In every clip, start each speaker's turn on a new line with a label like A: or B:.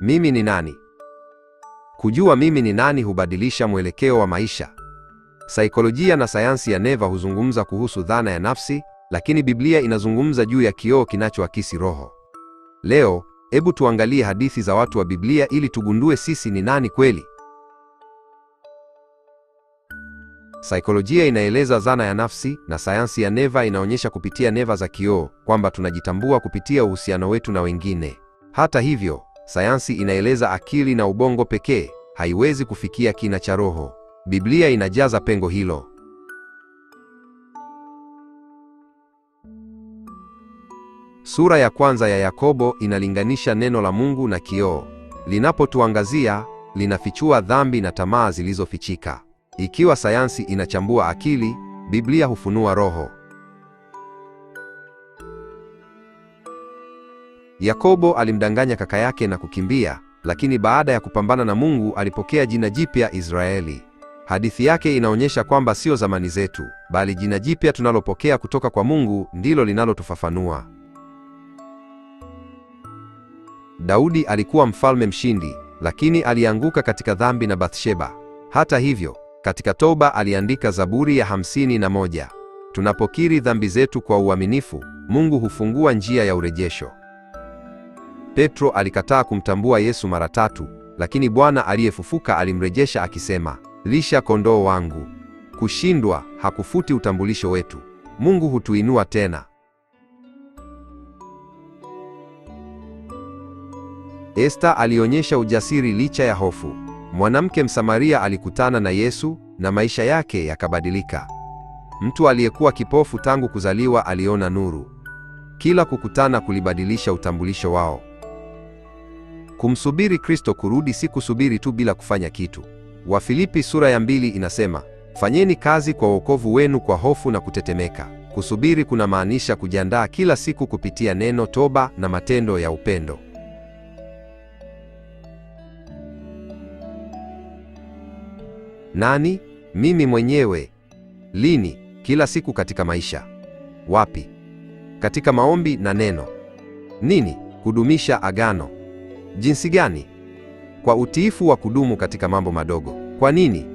A: Mimi ni nani? Kujua mimi ni nani hubadilisha mwelekeo wa maisha. Saikolojia na sayansi ya neva huzungumza kuhusu dhana ya nafsi, lakini Biblia inazungumza juu ya kioo kinachoakisi roho. Leo hebu tuangalie hadithi za watu wa Biblia ili tugundue sisi ni nani kweli. Saikolojia inaeleza dhana ya nafsi na sayansi ya neva inaonyesha kupitia neva za kioo kwamba tunajitambua kupitia uhusiano wetu na wengine. Hata hivyo Sayansi inaeleza akili na ubongo pekee haiwezi kufikia kina cha roho. Biblia inajaza pengo hilo. Sura ya kwanza ya Yakobo inalinganisha neno la Mungu na kioo. Linapotuangazia, linafichua dhambi na tamaa zilizofichika. Ikiwa sayansi inachambua akili, Biblia hufunua roho. Yakobo alimdanganya kaka yake na kukimbia, lakini baada ya kupambana na Mungu alipokea jina jipya Israeli. Hadithi yake inaonyesha kwamba sio zamani zetu, bali jina jipya tunalopokea kutoka kwa Mungu ndilo linalotufafanua. Daudi alikuwa mfalme mshindi, lakini alianguka katika dhambi na Bathsheba. Hata hivyo, katika toba aliandika Zaburi ya hamsini na moja. Tunapokiri dhambi zetu kwa uaminifu, Mungu hufungua njia ya urejesho. Petro alikataa kumtambua Yesu mara tatu, lakini Bwana aliyefufuka alimrejesha akisema, lisha kondoo wangu. Kushindwa hakufuti utambulisho wetu. Mungu hutuinua tena. Esta alionyesha ujasiri licha ya hofu. Mwanamke Msamaria alikutana na Yesu na maisha yake yakabadilika. Mtu aliyekuwa kipofu tangu kuzaliwa aliona nuru. Kila kukutana kulibadilisha utambulisho wao. Kumsubiri Kristo kurudi si kusubiri tu bila kufanya kitu. Wafilipi sura ya mbili inasema, fanyeni kazi kwa wokovu wenu kwa hofu na kutetemeka. Kusubiri kunamaanisha kujiandaa kila siku kupitia neno, toba na matendo ya upendo. Nani? Mimi mwenyewe. Lini? Kila siku katika maisha. Wapi? Katika maombi na neno. Nini? Kudumisha agano. Jinsi gani? Kwa utiifu wa kudumu katika mambo madogo. Kwa nini?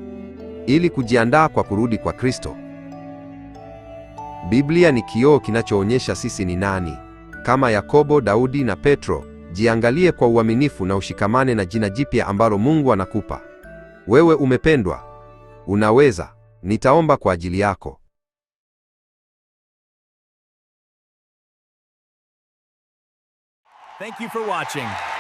A: Ili kujiandaa kwa kurudi kwa Kristo.
B: Biblia ni kioo kinachoonyesha sisi ni nani. Kama Yakobo, Daudi na Petro, jiangalie kwa uaminifu na ushikamane na jina jipya ambalo Mungu anakupa. Wewe umependwa. Unaweza. Nitaomba kwa ajili yako. Thank you for watching.